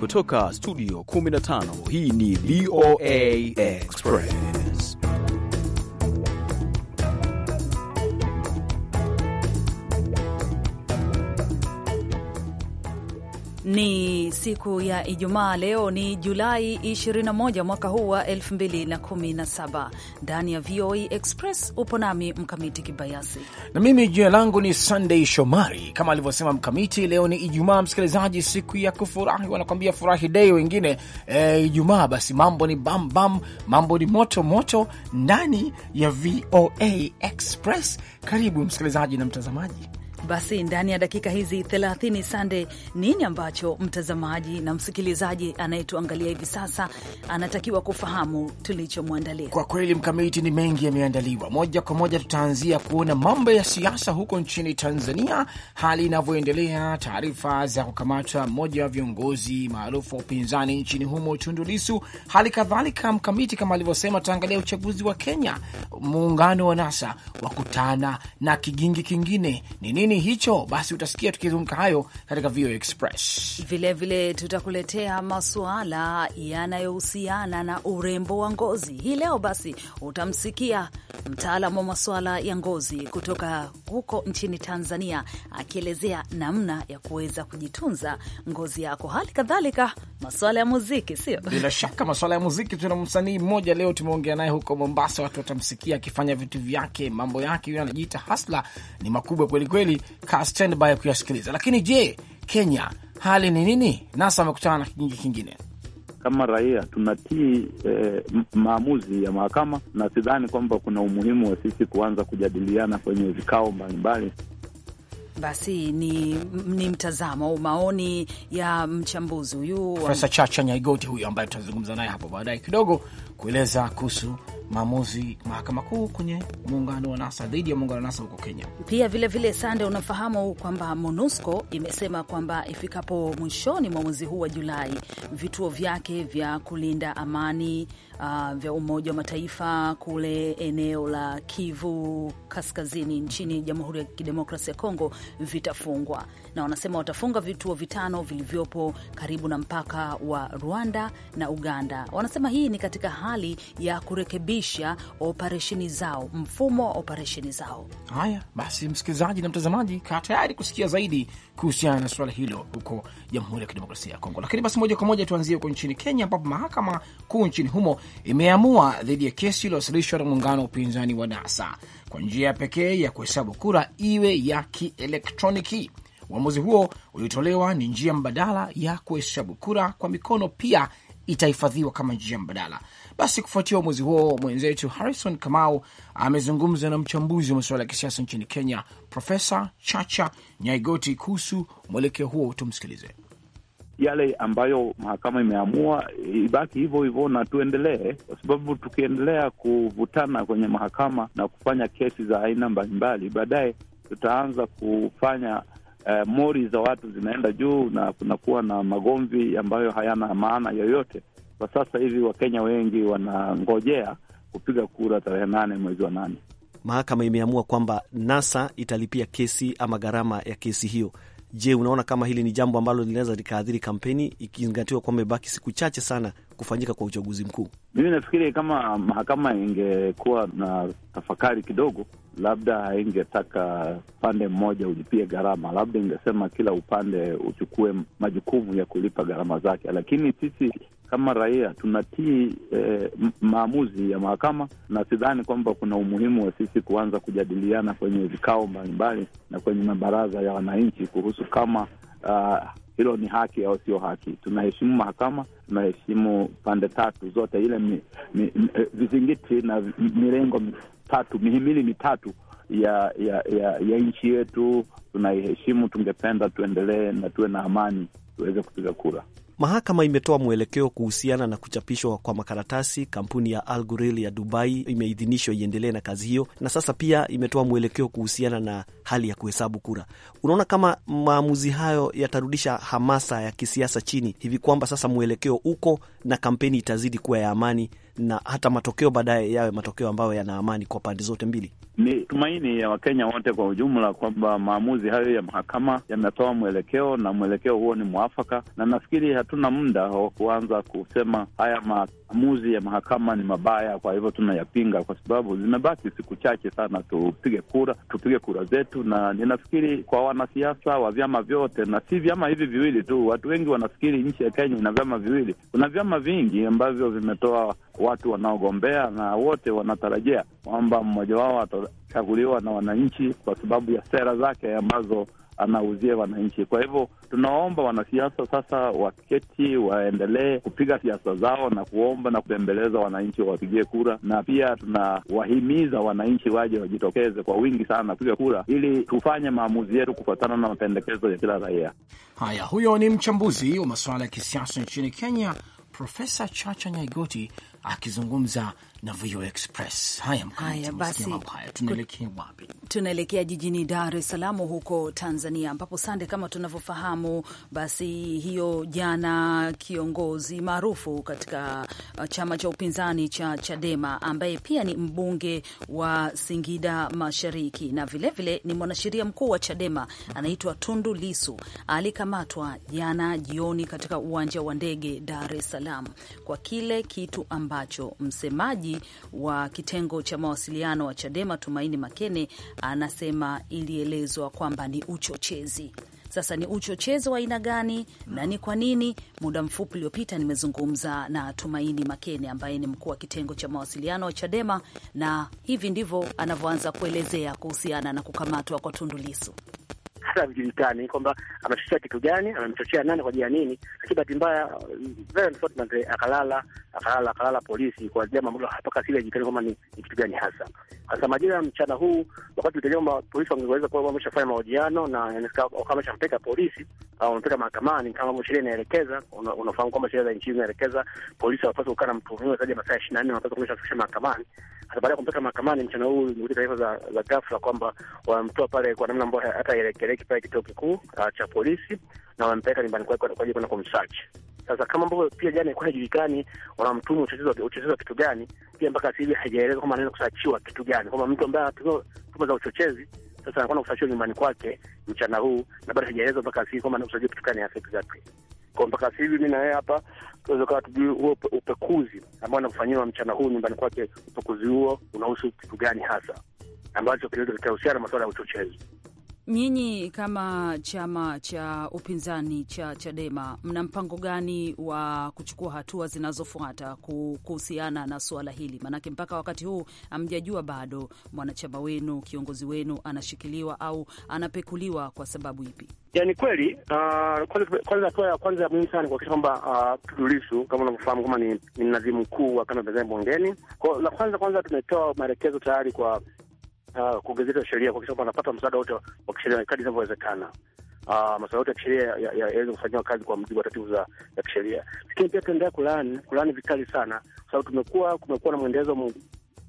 Kutoka studio 15 hii ni VOA Express. Ni siku ya Ijumaa. Leo ni Julai 21 mwaka huu wa 2017. Ndani ya VOA Express upo nami Mkamiti Kibayasi na mimi jina langu ni Sunday Shomari. Kama alivyosema Mkamiti, leo ni Ijumaa msikilizaji, siku ya kufurahi, wanakwambia furahi dei wengine e, Ijumaa basi mambo ni bambam bam, mambo ni moto moto ndani ya VOA Express. Karibu msikilizaji na mtazamaji basi ndani ya dakika hizi 30 Sande, nini ambacho mtazamaji na msikilizaji anayetuangalia hivi sasa anatakiwa kufahamu tulichomwandalia? Kwa kweli, Mkamiti, ni mengi yameandaliwa. Moja kwa moja tutaanzia kuona mambo ya siasa huko nchini Tanzania, hali inavyoendelea, taarifa za kukamata mmoja wa viongozi maarufu wa upinzani nchini humo, Tundu Hali kadhalika, Mkamiti, kama alivyosema, tutaangalia uchaguzi wa Kenya, muungano wa NASA wakutana na kigingi kingine, ni nini nini hicho? Basi utasikia tukizungumka hayo katika VOA Express. Vilevile tutakuletea masuala yanayohusiana na urembo wa ngozi hii leo. Basi utamsikia mtaalamu wa masuala ya ngozi kutoka huko nchini Tanzania akielezea namna ya kuweza kujitunza ngozi yako. Hali kadhalika masuala ya muziki, sio bila shaka masuala ya muziki. Tuna msanii mmoja leo tumeongea naye huko Mombasa, watu watamsikia akifanya vitu vyake, mambo yake, huyo anajiita Hasla, ni makubwa kwelikweli ka standby kuyasikiliza. Lakini je, Kenya hali ni nini? NASA amekutana na kijiji kingine kama raia tunatii eh, maamuzi ya mahakama, na sidhani kwamba kuna umuhimu wa sisi kuanza kujadiliana kwenye vikao mbalimbali. Basi ni, ni mtazamo au maoni ya mchambuzi huyu Profesa Chacha Nyaigoti huyu ambaye tutazungumza naye hapo baadaye kidogo kueleza kuhusu maamuzi mahakama kuu kwenye muungano wa NASA dhidi ya muungano wa NASA huko Kenya. Pia vilevile, Sande, unafahamu kwamba MONUSCO imesema kwamba ifikapo mwishoni mwa mwezi huu wa Julai vituo vyake vya kulinda amani uh, vya Umoja wa Mataifa kule eneo la Kivu Kaskazini nchini Jamhuri ya Kidemokrasia ya Kongo vitafungwa na wanasema watafunga vituo vitano vilivyopo karibu na mpaka wa Rwanda na Uganda. Wanasema hii ni katika hali ya kurekebisha operesheni zao, mfumo wa operesheni zao. Haya basi, msikilizaji na mtazamaji, kaa tayari kusikia zaidi kuhusiana na suala hilo huko Jamhuri ya Kidemokrasia ya Kongo. Lakini basi, moja kwa moja tuanzie huko nchini Kenya, ambapo mahakama kuu nchini humo imeamua dhidi ya kesi iliyowasilishwa na muungano wa upinzani wa NASA kwa njia ya pekee ya kuhesabu kura iwe ya kielektroniki. Uamuzi huo uliotolewa ni njia mbadala ya kuhesabu kura kwa mikono, pia itahifadhiwa kama njia mbadala. Basi kufuatia uamuzi huo, mwenzetu Harrison Kamau amezungumza na mchambuzi wa masuala ya kisiasa nchini Kenya, Profesa Chacha Nyaigoti kuhusu mwelekeo huo. Tumsikilize. Yale ambayo mahakama imeamua ibaki hivyo hivyo na tuendelee, kwa sababu tukiendelea kuvutana kwenye mahakama na kufanya kesi za aina mbalimbali, baadaye tutaanza kufanya eh, mori za watu zinaenda juu na kunakuwa na magomvi ambayo hayana maana yoyote. Kwa sasa hivi Wakenya wengi wanangojea kupiga kura tarehe nane mwezi wa nane. Mahakama imeamua kwamba NASA italipia kesi ama gharama ya kesi hiyo. Je, unaona kama hili ni jambo ambalo linaweza likaathiri kampeni ikizingatiwa kwamba imebaki siku chache sana kufanyika kwa uchaguzi mkuu? Mimi nafikiri kama mahakama ingekuwa na tafakari kidogo, labda haingetaka upande mmoja ulipie gharama, labda ingesema kila upande uchukue majukumu ya kulipa gharama zake, lakini sisi kama raia tunatii eh, maamuzi ya mahakama, na sidhani kwamba kuna umuhimu wa sisi kuanza kujadiliana kwenye vikao mbalimbali na kwenye mabaraza ya wananchi kuhusu kama uh, hilo ni haki au sio haki. Tunaheshimu mahakama, tunaheshimu pande tatu zote, ile eh, vizingiti na mirengo tatu, mihimili mitatu ya ya ya, ya nchi yetu tunaiheshimu, tungependa tuendelee na tuwe na amani, tuweze kupiga kura. Mahakama imetoa mwelekeo kuhusiana na kuchapishwa kwa makaratasi. Kampuni ya Al ya Dubai imeidhinishwa iendelee na kazi hiyo, na sasa pia imetoa mwelekeo kuhusiana na hali ya kuhesabu kura. Unaona kama maamuzi hayo yatarudisha hamasa ya kisiasa chini hivi kwamba sasa mwelekeo uko na kampeni itazidi kuwa ya amani na hata matokeo baadaye yawe matokeo ambayo yana amani kwa pande zote mbili. Ni tumaini ya Wakenya wote kwa ujumla kwamba maamuzi hayo ya mahakama yametoa mwelekeo na mwelekeo huo ni mwafaka, na nafikiri hatuna muda wa kuanza kusema haya maamuzi ya mahakama ni mabaya, kwa hivyo tunayapinga, kwa sababu zimebaki siku chache sana tupige kura, tupige kura zetu. Na ninafikiri kwa wanasiasa wa vyama vyote, na si vyama hivi viwili tu. Watu wengi wanafikiri nchi ya Kenya ina vyama viwili. Kuna vyama vingi ambavyo vimetoa watu wanaogombea, na wote wanatarajia kwamba mmoja wao atachaguliwa na wananchi kwa sababu ya sera zake ambazo anauzia wananchi. Kwa hivyo tunaomba wanasiasa sasa waketi, waendelee kupiga siasa zao na kuomba na kutembeleza wananchi wawapigie kura, na pia tunawahimiza wananchi waje wajitokeze kwa wingi sana kupiga kura, ili tufanye maamuzi yetu kufuatana na mapendekezo ya kila raia. Haya, huyo ni mchambuzi wa masuala ya kisiasa nchini Kenya, Profesa Chacha Nyaigoti akizungumza na VOA Express. Haya, haya basi, tunaelekea wapi? Tunaelekea jijini Dar es Salaam huko Tanzania, ambapo Sande, kama tunavyofahamu, basi hiyo jana kiongozi maarufu katika uh, chama cha upinzani cha Chadema ambaye pia ni mbunge wa Singida Mashariki na vilevile vile, ni mwanasheria mkuu wa Chadema anaitwa Tundu Lisu alikamatwa jana jioni katika uwanja wa ndege Dar es Salaam kwa kile kitu ambacho msemaji msemaji wa kitengo cha mawasiliano wa Chadema Tumaini Makene anasema ilielezwa kwamba ni uchochezi. Sasa ni uchochezi wa aina gani na ni kwa nini? Muda mfupi uliopita nimezungumza na Tumaini Makene ambaye ni mkuu wa kitengo cha mawasiliano wa Chadema, na hivi ndivyo anavyoanza kuelezea kuhusiana na kukamatwa kwa Tundu Lissu hasa havijulikani kwamba amechochea kitu gani, amemchochea nani, kwa ajili ya nini. Lakini bahati mbaya, very unfortunately, akalala akalala akalala polisi kwa jambo ambalo mpaka sasa hajulikani kwamba ni kitu gani hasa. Sasa majira ya mchana huu, wakati tulitegemea kwamba polisi wangeweza kuwa wameshafanya mahojiano na inafika kama ameshampeka polisi au amepeka mahakamani, kama sheria inaelekeza, unafahamu kwamba sheria za nchi zinaelekeza polisi hawapaswi kukaa na mtuhumiwa zaidi ya masaa 24 wanapaswa kumshafikisha mahakamani. Hata baada ya kumpeka mahakamani mchana huu, nilikuta taarifa za za ghafla kwamba wamemtoa pale kwa namna ambayo hata haieleweki ameketi pale kituo kikuu uh, cha polisi na wamempeleka nyumbani kwake kwa ajili kwenda kumsearch. Sasa kama ambavyo pia jana ilikuwa haijulikani wanamtumu uchochezi wa kitu gani, pia mpaka sasa hivi haijaeleza kwamba anaweza kusachiwa kitu gani, kwamba mtu ambaye anatumiwa tuma za uchochezi sasa anakwenda kusachiwa nyumbani kwake mchana huu, na bado haijaeleza mpaka sasa hivi kwamba anaweza kusachiwa kitu gani hasa exactly. Kwa mpaka sasa hivi mi na yeye hapa tunaweza kuwa tujui huo upekuzi ambao anakufanyiwa mchana huu nyumbani kwake, upekuzi huo unahusu kitu gani hasa ambacho kinaweza kikahusiana na masuala ya uchochezi. Nyinyi kama chama cha upinzani cha Chadema mna mpango gani wa kuchukua hatua zinazofuata kuhusiana na suala hili? Maanake mpaka wakati huu hamjajua bado mwanachama wenu, kiongozi wenu anashikiliwa au anapekuliwa kwa sababu ipi? Yani kweli, ah, kwanza hatua ya kwanza ya muhimu sana ni kuhakikisha kwamba ah, Tundu Lissu kama unavyofahamu, kama ni mnadhimu mkuu wa kama Tanzania bungeni, la kwanza kwanza tumetoa maelekezo tayari kwa uh, kuongezeka sheria kuhakikisha kwamba wanapata msaada wote wa kisheria kadri inavyowezekana. Uh, masuala yote ya kisheria yaweze kufanyiwa kazi kwa mujibu wa taratibu za kisheria, lakini pia tuendelea kulani kulani vikali sana, kwa sababu tumekuwa kumekuwa na mwendelezo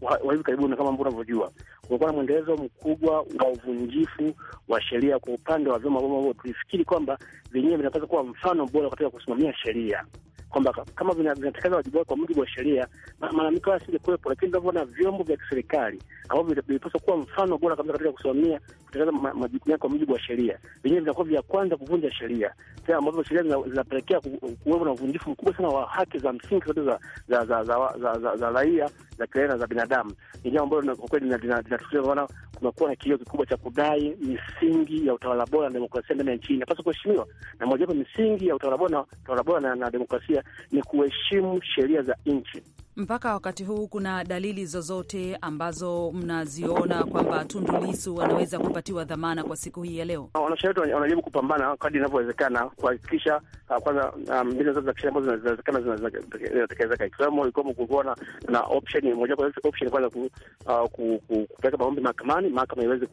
wa hivi karibuni, kama ambavyo unavyojua, kumekuwa na mwendelezo mkubwa wa uvunjifu wa sheria kwa upande wa vyama ambavyo tulifikiri kwamba vyenyewe vinapaswa kuwa mfano bora katika kusimamia sheria kwamba kama vinatekeleza wajibu wake kwa mujibu wa sheria, malalamiko hayo asingekuwepo. Lakini tunavyoona vyombo vya kiserikali ambavyo vilipaswa kuwa mfano bora kabisa katika kusimamia kutekeleza majukumu yake kwa mujibu wa sheria, vyenyewe vinakuwa vya kwanza kuvunja sheria, tena ambavyo sheria zinapelekea kuwepo na uvunjifu mkubwa sana wa haki za msingi zote za za za za raia za kiraia na za binadamu. Ni jambo ambalo kwa kweli linatukia kuona kunakuwa na kilio kikubwa cha kudai misingi ya utawala bora na demokrasia ndani ya nchi inapaswa kuheshimiwa, na mojawapo misingi ya utawala bora na utawala bora na demokrasia ni kuheshimu sheria za nchi. Mpaka wakati huu kuna dalili zozote ambazo mnaziona kwamba Tundu Lissu anaweza kupatiwa dhamana kwa siku hii ya leo? Wanashauri wanajaribu kupambana kadri inavyowezekana kuhakikisha uh, kwanza um, mbinu zote za kisheria ambazo zinawezekana zinatekelezeka, ikiwemo ikiwemo kukuona na option mojawapo, option kwanza uh, kupeleka maombi mahakamani, mahakama iweze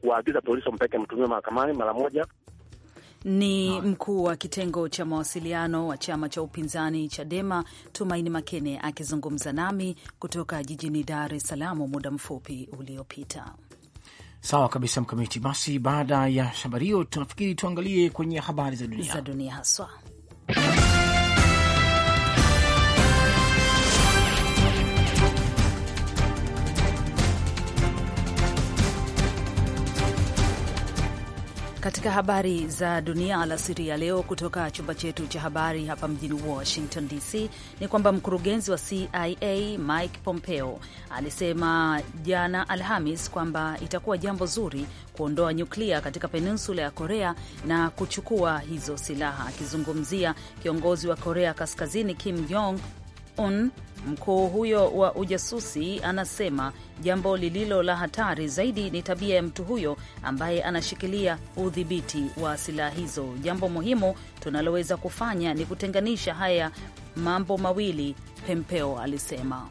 kuwaagiza polisi wampeke mtumia mahakamani mara moja. Ni mkuu wa kitengo cha mawasiliano wa chama cha upinzani Chadema, Tumaini Makene, akizungumza nami kutoka jijini Dar es Salaam muda mfupi uliopita. Sawa kabisa, Mkamiti. Basi baada ya habari hiyo, tunafikiri tuangalie kwenye habari za dunia, za dunia haswa Katika habari za dunia alasiri ya leo kutoka chumba chetu cha habari hapa mjini Washington DC ni kwamba mkurugenzi wa CIA Mike Pompeo alisema jana Alhamis kwamba itakuwa jambo zuri kuondoa nyuklia katika peninsula ya Korea na kuchukua hizo silaha, akizungumzia kiongozi wa Korea Kaskazini Kim Jong Un, mkuu huyo wa ujasusi, anasema jambo lililo la hatari zaidi ni tabia ya mtu huyo ambaye anashikilia udhibiti wa silaha hizo. Jambo muhimu tunaloweza kufanya ni kutenganisha haya mambo mawili, pempeo alisema.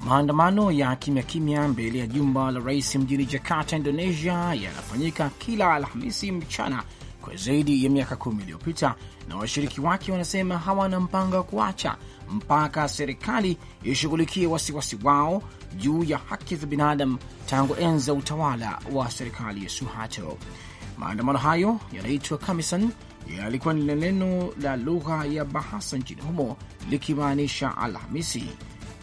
Maandamano ya kimya kimya mbele ya jumba la rais mjini Jakarta, Indonesia yanafanyika kila Alhamisi mchana kwa zaidi ya miaka kumi iliyopita, na washiriki wake wanasema hawana mpango wa kuacha mpaka serikali ishughulikie wasiwasi wao juu ya haki za binadamu tangu enza utawala wa serikali ya Suharto. Maandamano hayo yanaitwa Kamisan yalikuwa ni neno la lugha ya Bahasa nchini humo likimaanisha Alhamisi.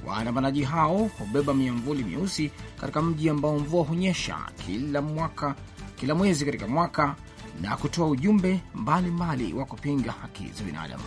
Waandamanaji hao hubeba miamvuli mieusi katika mji ambao mvua hunyesha kila mwaka, kila mwezi katika mwaka na kutoa ujumbe mbalimbali wa kupinga haki za binadamu.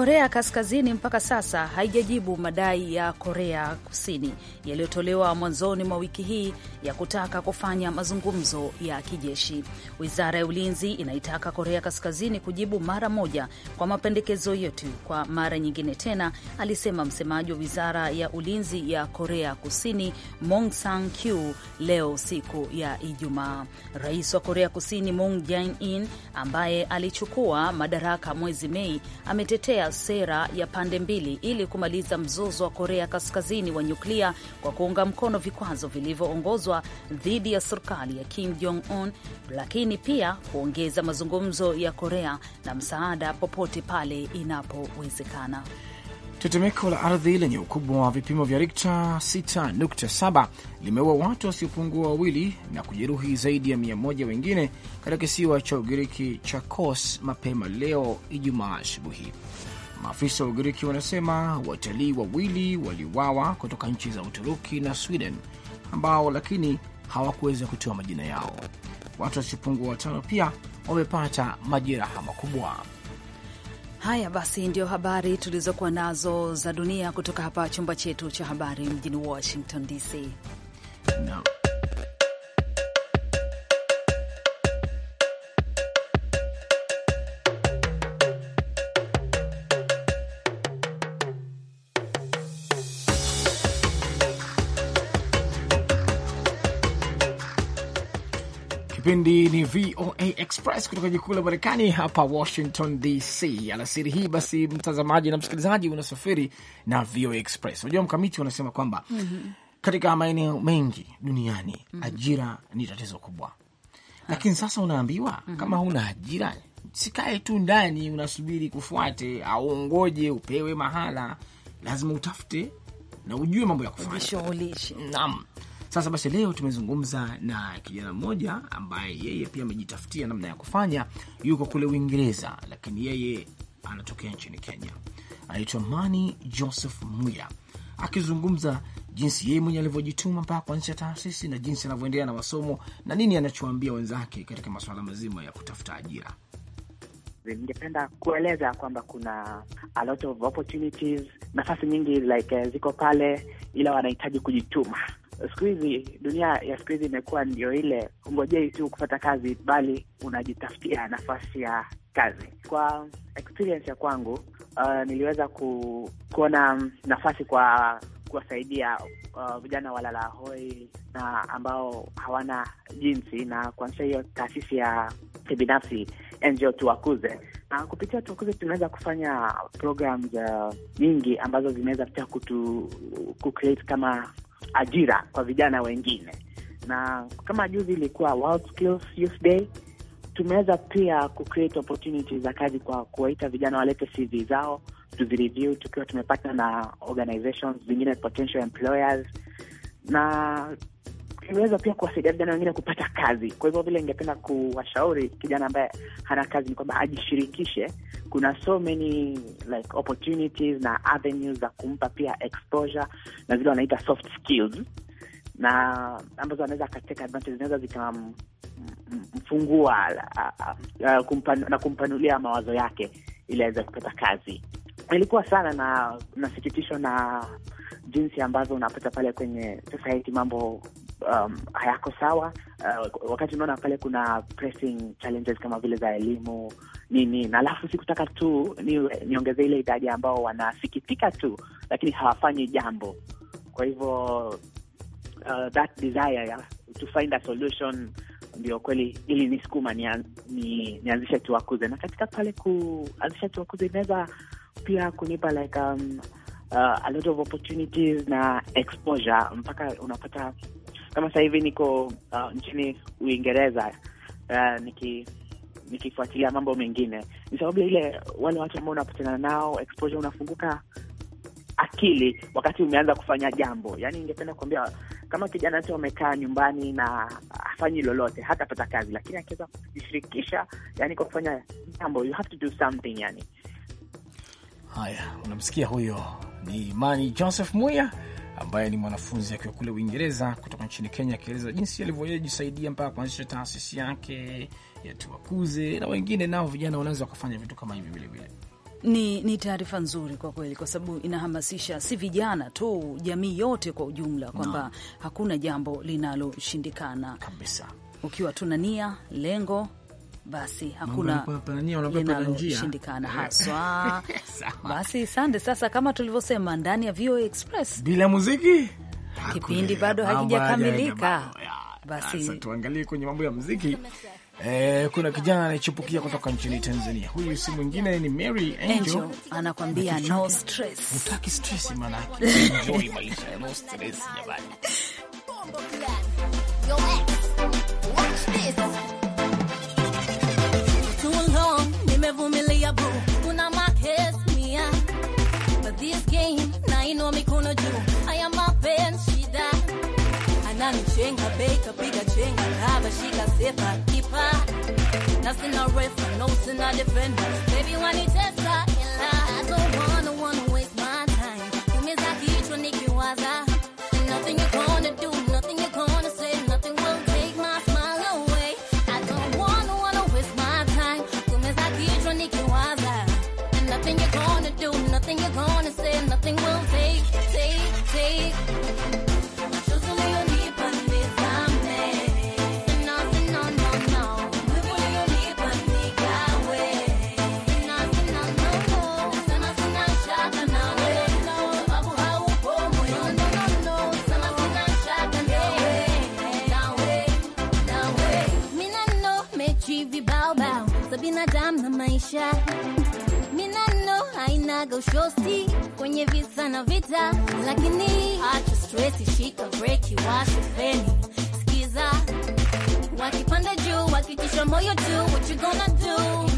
Korea Kaskazini mpaka sasa haijajibu madai ya Korea Kusini yaliyotolewa mwanzoni mwa wiki hii ya kutaka kufanya mazungumzo ya kijeshi. Wizara ya Ulinzi inaitaka Korea Kaskazini kujibu mara moja kwa mapendekezo yetu kwa mara nyingine tena, alisema msemaji wa Wizara ya Ulinzi ya Korea Kusini Mong Sang Kyu leo siku ya Ijumaa. Rais wa Korea Kusini Moon Jae-in ambaye alichukua madaraka mwezi Mei ametetea sera ya pande mbili ili kumaliza mzozo wa Korea Kaskazini wa nyuklia kwa kuunga mkono vikwazo vilivyoongozwa dhidi ya serikali ya Kim Jong Un, lakini pia kuongeza mazungumzo ya Korea na msaada popote pale inapowezekana. Tetemeko la ardhi lenye ukubwa wa vipimo vya Rikta 6.7 limeua watu wasiopungua wawili na kujeruhi zaidi ya mia moja wengine katika kisiwa cha Ugiriki cha Kos mapema leo Ijumaa asubuhi. Maafisa wa Ugiriki wanasema watalii wawili waliuawa kutoka nchi za Uturuki na Sweden ambao lakini hawakuweza kutoa majina yao. Watu wasiopungua watano pia wamepata majeraha makubwa. Haya basi, ndio habari tulizokuwa nazo za dunia kutoka hapa chumba chetu cha habari mjini Washington DC no. Kipindi ni VOA Express kutoka jikuu la Marekani hapa Washington DC alasiri hii. Basi mtazamaji na msikilizaji, unasafiri na VOA Express. Unajua mkamiti unasema kwamba mm -hmm. katika maeneo mengi duniani mm -hmm. ajira ni tatizo kubwa, lakini sasa unaambiwa mm -hmm. kama huna ajira sikae tu ndani unasubiri kufuate au ungoje upewe mahala, lazima utafute na ujue mambo ya kufanya. Naam. Sasa basi, leo tumezungumza na kijana mmoja ambaye yeye pia amejitafutia namna ya kufanya, yuko kule Uingereza, lakini yeye anatokea nchini Kenya, anaitwa Mani Joseph Mwiya, akizungumza jinsi yeye mwenye alivyojituma mpaka kuanzisha taasisi na jinsi anavyoendelea na masomo na nini anachoambia wenzake katika masuala mazima ya kutafuta ajira. Ningependa kueleza kwamba kuna a lot of opportunities, nafasi nyingi like eh, ziko pale, ila wanahitaji kujituma siku hizi dunia ya siku hizi imekuwa ndio ile ungojei tu kupata kazi, bali unajitafutia nafasi ya kazi. Kwa experience ya kwangu, uh, niliweza ku, kuona nafasi kwa kuwasaidia uh, vijana uh, walala na ambao hawana jinsi, na kuanzisha hiyo taasisi ya kibinafsi NGO Tuwakuze, na kupitia Tuwakuze tunaweza kufanya programs uh, nyingi ambazo zinaweza pia kutu kucreate kama ajira kwa vijana wengine, na kama juzi ilikuwa World Skills Youth Day, tumeweza pia kucreate opportunities za kazi kwa kuwaita vijana walete CV zao tuzireview, tukiwa tumepata na organizations zingine potential employers, na imeweza pia kuwasaidia vijana wengine kupata kazi. Kwa hivyo vile ningependa kuwashauri kijana ambaye hana kazi ni kwamba ajishirikishe. Kuna so many like opportunities na avenues za kumpa pia exposure na vile wanaita soft skills na ambazo anaweza akateka advantage, zinaweza zikamfungua mm, mm, uh, uh, na kumpanulia mawazo yake ili aweze kupata kazi. ilikuwa sana na nasikitishwa na jinsi ambavyo unapata pale kwenye society mambo um, hayako sawa. Uh, wakati unaona pale kuna pressing challenges kama vile za elimu nini, na alafu sikutaka tu niongeze ni ile idadi ambao wanasikitika tu, lakini hawafanyi jambo. Kwa hivyo uh, that desire ya to find a solution ndio kweli ili nisukuma nianzishe ni, tuwakuze, na katika pale kuanzisha tuwakuze inaweza pia kunipa like um, uh, a lot of opportunities na exposure mpaka unapata kama sasa hivi niko uh, nchini Uingereza uh, niki nikifuatilia mambo mengine, ni sababu ile wale watu ambao unapatana nao exposure, unafunguka akili wakati umeanza kufanya jambo. Yani, ningependa kuambia kama kijana yote amekaa nyumbani na afanyi lolote, hatapata kazi, lakini akiweza kujishirikisha, yani kwa kufanya jambo, you have to do something yani. Haya, unamsikia huyo ni Imani Joseph Muya ambaye ni mwanafunzi akiwa kule Uingereza kutoka nchini Kenya, akieleza jinsi alivyojisaidia mpaka kuanzisha taasisi yake ya Tuwakuze, na wengine nao vijana wanaweza wakafanya vitu kama hivi vilevile. Ni, ni taarifa nzuri kwa kweli, kwa sababu inahamasisha si vijana tu, jamii yote kwa ujumla, kwamba no. hakuna jambo linaloshindikana kabisa ukiwa tuna nia, lengo basi hakuna linaloshindikana haswa. Basi sande. Sasa kama tulivyosema ndani ya VOA Express, bila muziki kipindi bado hakijakamilika. Basi tuangalie kwenye mambo ya muziki. Eh, kuna kijana anayechipukia kutoka nchini Tanzania. Huyu si mwingine ni Mary Angel. Angel anakwambia no stress. Utaki stress maana enjoy maisha no stress jamani. keeper. Nothing no reference, nothing no defender. Baby, when it is kumwaga ushosti kwenye visa na vita, lakini acha stress, shika breki, washa feni, sikiza wakipanda juu, wakitisha moyo tu, what you gonna do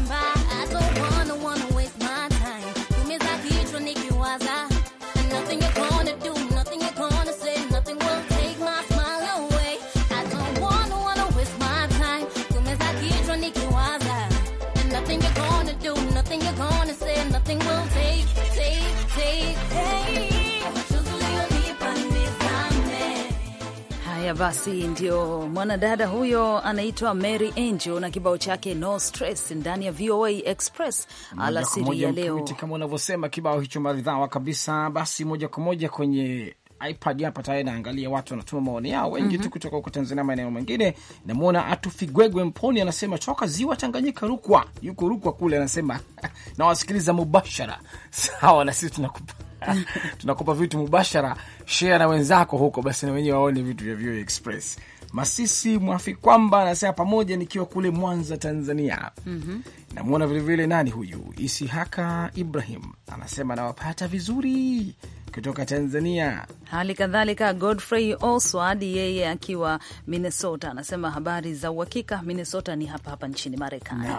basi, ndio mwanadada huyo anaitwa Mary Angel na kibao chake no stress ndani ya VOA Express alasiri ya leo, kama unavyosema kibao hicho maridhawa kabisa. Basi moja kwa moja kwenye iPad hapa tayari naangalia watu wanatuma maoni yao wengi, mm -hmm. tu kutoka huko Tanzania, maeneo mengine. Namwona Atufigwegwe Mponi anasema toka ziwa Tanganyika, Rukwa, yuko Rukwa kule, anasema nawasikiliza mubashara. Sawa, na sisi tunakupa tunakopa vitu mubashara, share na wenzako huko, basi na wenyewe waone vitu vya VOA Express. Masisi Mwafi kwamba anasema pamoja nikiwa kule Mwanza, Tanzania. mm -hmm. Namwona vilevile nani huyu Isihaka Ibrahim anasema nawapata vizuri kutoka Tanzania. Hali kadhalika Godfrey Oswald, yeye akiwa Minnesota, anasema habari za uhakika. Minnesota ni hapa hapa nchini Marekani.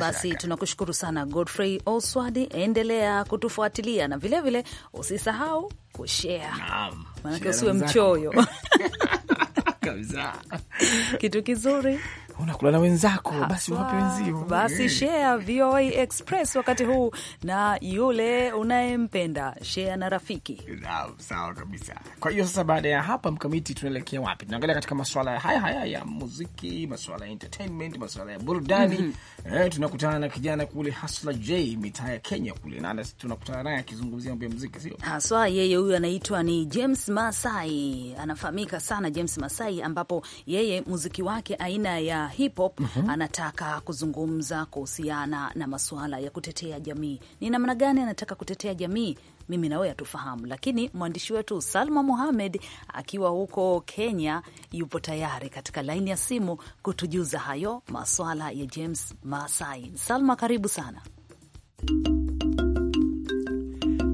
Basi tunakushukuru sana Godfrey Oswald, endelea kutufuatilia na vilevile usisahau kushea maanake usiwe mchoyo kitu kizuri unakula na wenzako, basi wape wenzio, basi share VOA Express wakati huu na yule unayempenda, share na rafiki. Sawa kabisa. Kwa hiyo sasa, baada ya hapa Mkamiti, tunaelekea wapi? Tunaangalia katika masuala haya haya ya muziki, masuala ya entertainment, masuala ya burudani mm -hmm. Eh, tunakutana na kijana kule Hasla J mitaa ya Kenya kule na tunakutana naye akizungumzia mambo ya muziki, sio haswa yeye. Huyu anaitwa ni James Masai, anafahamika sana James Masai, ambapo yeye muziki wake aina ya hip hop mm -hmm. anataka kuzungumza kuhusiana na masuala ya kutetea jamii, ni namna gani anataka kutetea jamii mimi nawe hatufahamu, lakini mwandishi wetu Salma Muhamed akiwa huko Kenya yupo tayari katika laini ya simu kutujuza hayo maswala ya James Masai. Salma, karibu sana.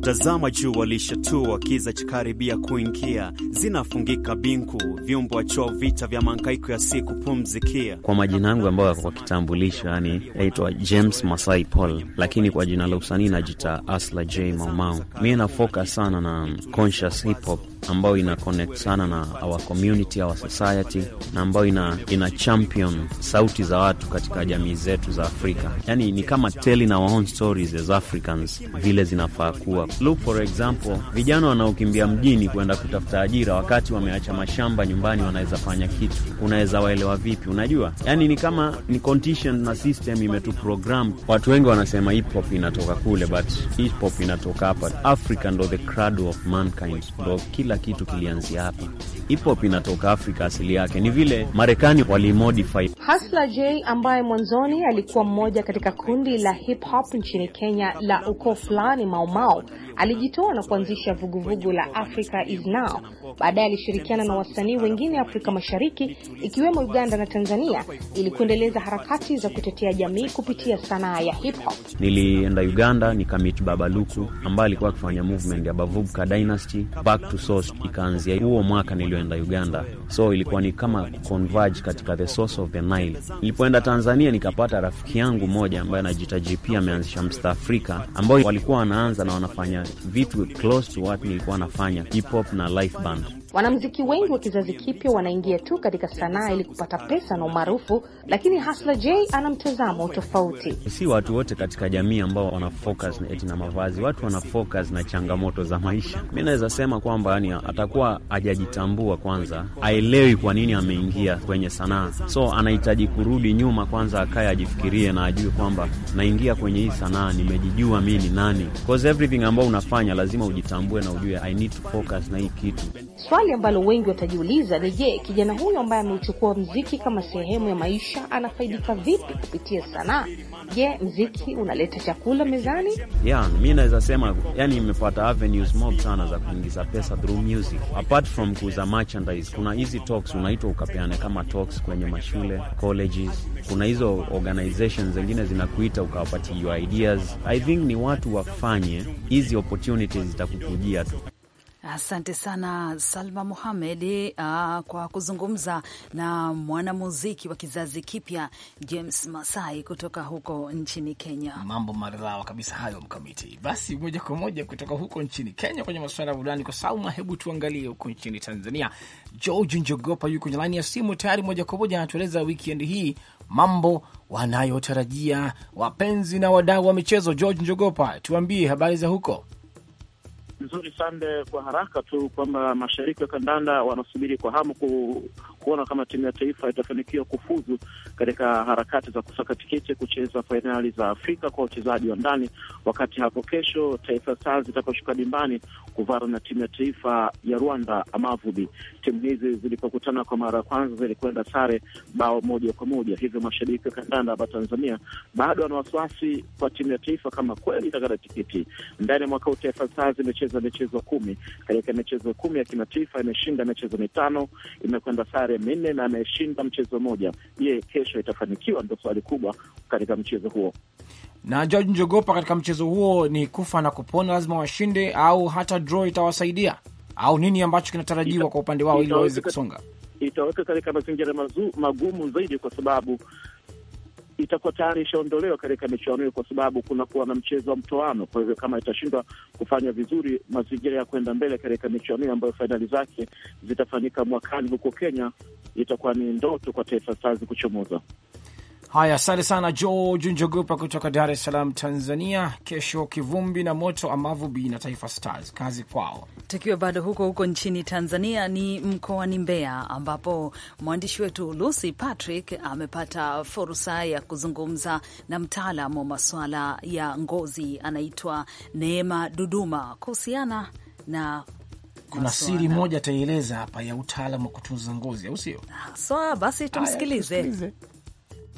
Tazama juu, walisha tu wakiza chakaribia kuingia, zinafungika binku, vyumbo wachoo, vita vya mangaiko ya siku, pumzikia. Kwa majina yangu ambayo kwa kitambulisho, yani naitwa James Masai Paul, lakini kwa jina la usanii najita Asla J Maumau. Mie nafoka sana na conscious hip hop ambayo ina connect sana na our community, our society na ambayo ina, ina champion sauti za watu katika jamii zetu za Afrika. Yani ni kama telling our own stories as Africans vile zinafaa kuwa. Look for example, vijana wanaokimbia mjini kwenda kutafuta ajira wakati wameacha mashamba nyumbani, wanaweza fanya kitu. Unaweza waelewa vipi? Unajua, yani ni kama ni condition na system imetuprogram. Watu wengi wanasema hip hop inatoka kule, but hip hop inatoka hapa. Africa ndo the cradle of mankind, ndo kila kitu kilianzia hapa. Hip hop inatoka Afrika, asili yake ni vile Marekani walimodify. Hasla J ambaye mwanzoni alikuwa mmoja katika kundi la hip hop nchini Kenya la ukoo fulani Maumau, Alijitoa na kuanzisha vuguvugu la Africa Is Now. Baadaye alishirikiana na wasanii wengine Afrika Mashariki ikiwemo Uganda na Tanzania ili kuendeleza harakati za kutetea jamii kupitia sanaa ya hip hop. Nilienda Uganda nikamit Baba Luku ambaye alikuwa akifanya movement ya Bavubuka Dynasty, Back to Source ikaanzia huo mwaka nilioenda Uganda, so ilikuwa ni kama converge katika the source of the Nile. Nilipoenda Tanzania nikapata rafiki yangu moja ambaye anajitaji ameanzisha Msta Afrika, ambao walikuwa wanaanza na wanafanya vitu close to what nilikuwa nafanya hip hop na life band. Wanamziki wengi wa kizazi kipya wanaingia tu katika sanaa ili kupata pesa na umaarufu, lakini Hasla J ana mtazamo tofauti. Si watu wote katika jamii ambao wana focus eti na mavazi, watu wana focus na changamoto za maisha. Mi naweza sema kwamba yani atakuwa hajajitambua kwanza, aelewi kwa nini ameingia kwenye sanaa, so anahitaji kurudi nyuma kwanza, akaye ajifikirie na ajue kwamba naingia kwenye hii sanaa, nimejijua mi ni nani, cause everything ambao unafanya lazima ujitambue na ujue I need to focus na hii kitu. Swali ambalo wengi watajiuliza ni je, kijana huyu ambaye ameuchukua mziki kama sehemu ya maisha anafaidika vipi kupitia sanaa? Je, mziki unaleta chakula mezani? Yeah, mi naweza sema yani, imepata avenues mob sana za kuingiza pesa through music. Apart from kuuza merchandise, kuna hizi talks unaitwa ukapeane kama talks kwenye mashule colleges. Kuna hizo organizations zingine zinakuita ukawapatia ideas. I think ni watu wafanye hizi opportunities zitakukujia tu. Asante sana Salma muhamed uh, ah, kwa kuzungumza na mwanamuziki wa kizazi kipya James Masai kutoka huko nchini Kenya. Mambo maridhawa kabisa hayo Mkamiti. Basi moja kwa moja kutoka huko nchini Kenya kwenye masuala ya burudani kwa Salma, hebu tuangalie huko nchini Tanzania. George Njogopa yuko kwenye laini ya simu tayari, moja kwa moja anatueleza wikendi hii mambo wanayotarajia wapenzi na wadau wa michezo. George Njogopa, tuambie habari za huko vizuri sande, kwa haraka tu kwamba mashariki wa kandanda wanasubiri kwa hamu kuona kama timu ya taifa itafanikiwa kufuzu katika harakati za kusaka tiketi kucheza fainali za Afrika kwa wachezaji wa ndani, wakati hapo kesho Taifa Stars itakaoshuka dimbani kuvara na timu ya taifa ya Rwanda Amavubi. Timu hizi zilipokutana kwa mara ya kwanza zilikwenda sare bao moja kwa moja, hivyo mashabiki wa kandanda hapa Tanzania bado wana wasiwasi kwa timu ya taifa kama kweli itakata tiketi ndani ya mwaka huu. Taifa Stars imecheza michezo kumi. Katika michezo kumi ya kimataifa imeshinda michezo mitano, imekwenda sare sare minne na ameshinda mchezo mmoja. Je, kesho itafanikiwa? ndo swali kubwa katika mchezo huo. Na George Njogopa, katika mchezo huo ni kufa na kupona, lazima washinde au hata draw itawasaidia au nini ambacho kinatarajiwa ita, kwa upande wao ili waweze kusonga itaweka katika mazingira magumu zaidi, kwa sababu itakuwa tayari ishaondolewa katika michuano hiyo, kwa sababu kunakuwa na mchezo wa mtoano. Kwa hivyo kama itashindwa kufanya vizuri, mazingira ya kwenda mbele katika michuano hiyo ambayo fainali zake zitafanyika mwakani huko Kenya, itakuwa ni ndoto kwa Taifa Stars kuchomoza. Haya, asante sana George Njogopa kutoka Dar es Salaam, Tanzania. Kesho kivumbi na moto Amavubi na Taifa Stars, kazi kwao. Tukiwa bado huko huko nchini Tanzania, ni mkoani Mbeya ambapo mwandishi wetu Lucy Patrick amepata fursa ya kuzungumza na mtaalam wa masuala ya ngozi, anaitwa Neema Duduma kuhusiana na kuna siri moja ataieleza hapa ya utaalam wa kutunza ngozi, au sio? Sawa, basi tumsikilize.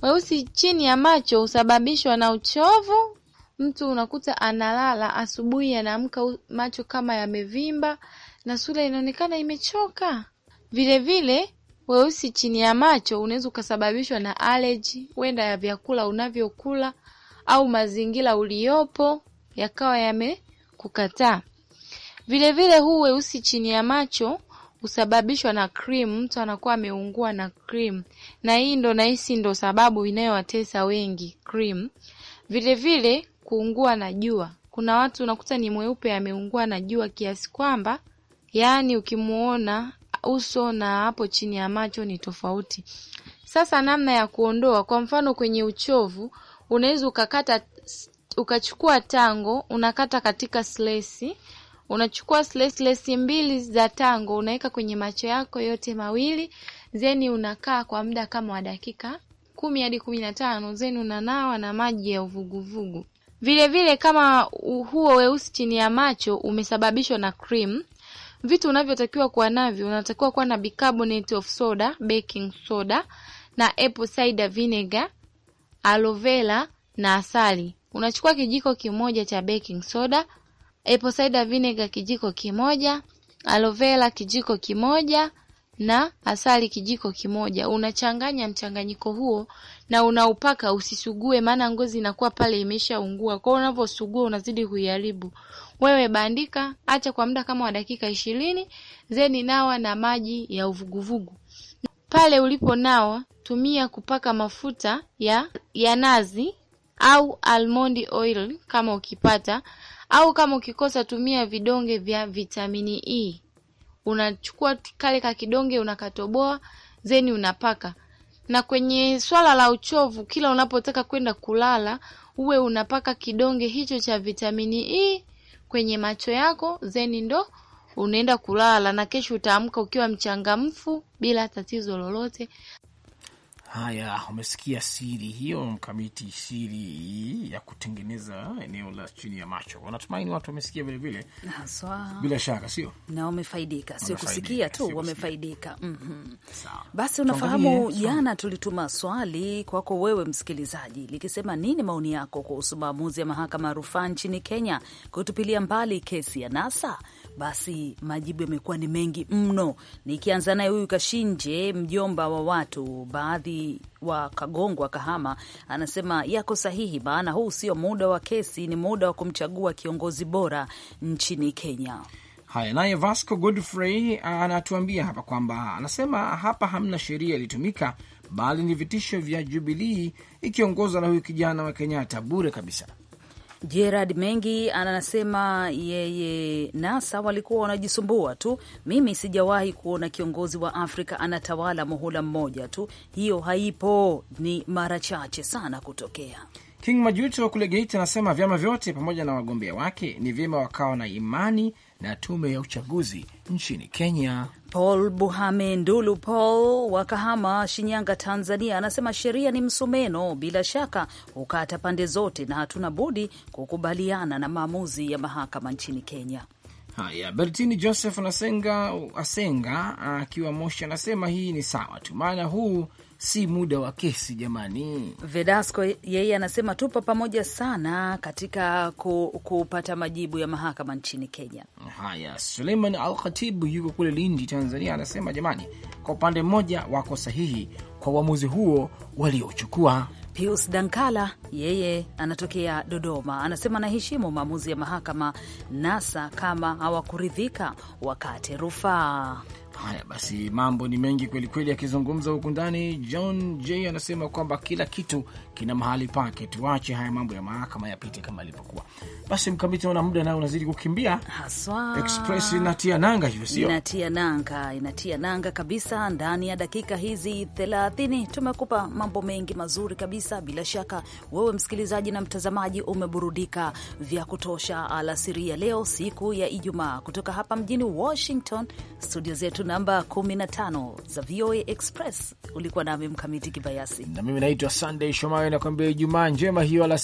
Weusi chini ya macho husababishwa na uchovu mtu unakuta analala asubuhi anaamka macho kama yamevimba na sura inaonekana imechoka. Vilevile weusi chini ya macho unaweza ukasababishwa na aleji wenda ya vyakula unavyokula au mazingira uliyopo yakawa yamekukataa. Vilevile huu weusi chini ya macho husababishwa na cream mtu anakuwa ameungua na cream na hii ndo nahisi ndo sababu inayowatesa wengi cream vile vile kuungua na jua kuna watu unakuta ni mweupe ameungua na jua kiasi kwamba yaani ukimuona uso na hapo chini ya macho ni tofauti sasa namna ya kuondoa kwa mfano kwenye uchovu unaweza ukakata ukachukua tango unakata katika slesi unachukua slice mbili za tango unaweka kwenye macho yako yote mawili zeni unakaa kwa muda kama wa dakika kumi hadi kumi na tano zeni unanawa na maji ya uvuguvugu vile vile kama huo weusi chini ya macho umesababishwa na cream vitu unavyotakiwa kuwa navyo unatakiwa kuwa na bicarbonate of soda baking soda na apple cider vinegar alovela na asali unachukua kijiko kimoja cha baking soda apple cider vinegar kijiko kimoja aloe vera kijiko kimoja na asali kijiko kimoja unachanganya mchanganyiko huo na unaupaka usisugue maana ngozi inakuwa pale imeshaungua kwao unavyosugua unazidi kuiharibu wewe bandika acha kwa muda kama wa dakika ishirini zeni nawa na maji ya uvuguvugu pale ulipo nao tumia kupaka mafuta ya ya nazi au almond oil kama ukipata au kama ukikosa tumia vidonge vya vitamini E. Unachukua kale ka kidonge unakatoboa, zeni unapaka. Na kwenye swala la uchovu, kila unapotaka kwenda kulala, uwe unapaka kidonge hicho cha vitamini E kwenye macho yako, zeni ndo unaenda kulala, na kesho utaamka ukiwa mchangamfu bila tatizo lolote Haya, umesikia siri hiyo, Mkamiti, siri ya kutengeneza eneo la chini ya macho. Wanatumaini watu wamesikia vilevile, bila shaka, sio na wamefaidika, sio kusikia tu, wamefaidika. mm -hmm. Basi unafahamu, jana tulituma swali kwako wewe msikilizaji likisema nini maoni yako kuhusu maamuzi ya mahakama ya rufaa nchini Kenya kutupilia mbali kesi ya NASA basi majibu yamekuwa ni mengi mno, nikianza naye huyu Kashinje, mjomba wa watu baadhi wa Kagongwa, Kahama, anasema yako sahihi, maana huu sio muda wa kesi, ni muda wa kumchagua kiongozi bora nchini Kenya. Haya, naye Vasco Godfrey anatuambia hapa kwamba anasema hapa hamna sheria ilitumika, bali ni vitisho vya Jubilii ikiongozwa na huyu kijana wa Kenyatta, bure kabisa. Gerard Mengi anasema yeye NASA walikuwa wanajisumbua tu. Mimi sijawahi kuona kiongozi wa Afrika anatawala muhula mmoja tu, hiyo haipo, ni mara chache sana kutokea. King Majuto kule Geita anasema vyama vyote pamoja na wagombea wake ni vyema wakawa na imani na tume ya uchaguzi nchini Kenya. Paul Buhame Ndulu Paul wa Kahama, Shinyanga, Tanzania, anasema sheria ni msumeno, bila shaka hukata pande zote na hatuna budi kukubaliana na maamuzi ya mahakama nchini Kenya. Haya, Bertini Joseph Asenga akiwa Moshi anasema hii ni sawa tu, maana huu si muda wa kesi jamani. Vedasco yeye anasema tupo pamoja sana katika ku, kupata majibu ya mahakama nchini Kenya. Haya, Suleiman Al Khatibu yuko kule Lindi, Tanzania, anasema jamani, kwa upande mmoja wako sahihi kwa uamuzi huo waliochukua. Pius Dankala yeye anatokea Dodoma, anasema anaheshimu maamuzi ya mahakama, nasa kama hawakuridhika wakate rufaa. Haya basi, mambo ni mengi kwelikweli. Akizungumza huku ndani, John J anasema kwamba kila kitu kina mahali pake, tuache haya mambo ya mahakama yapite kama ilivyokuwa. Basi Mkamiti, naona muda nayo unazidi kukimbia haswa. Express inatia nanga, hivyo, sio inatia nanga, inatia nanga kabisa. Ndani ya dakika hizi thelathini tumekupa mambo mengi mazuri kabisa. Bila shaka wewe msikilizaji na mtazamaji umeburudika vya kutosha alasiri ya leo, siku ya Ijumaa, kutoka hapa mjini Washington, studio zetu namba 15 za VOA Express. Ulikuwa nami Mkamiti Kibayasi na mimi naitwa Sunday Shomari, nakuambia Ijumaa njema hiyo alasiri.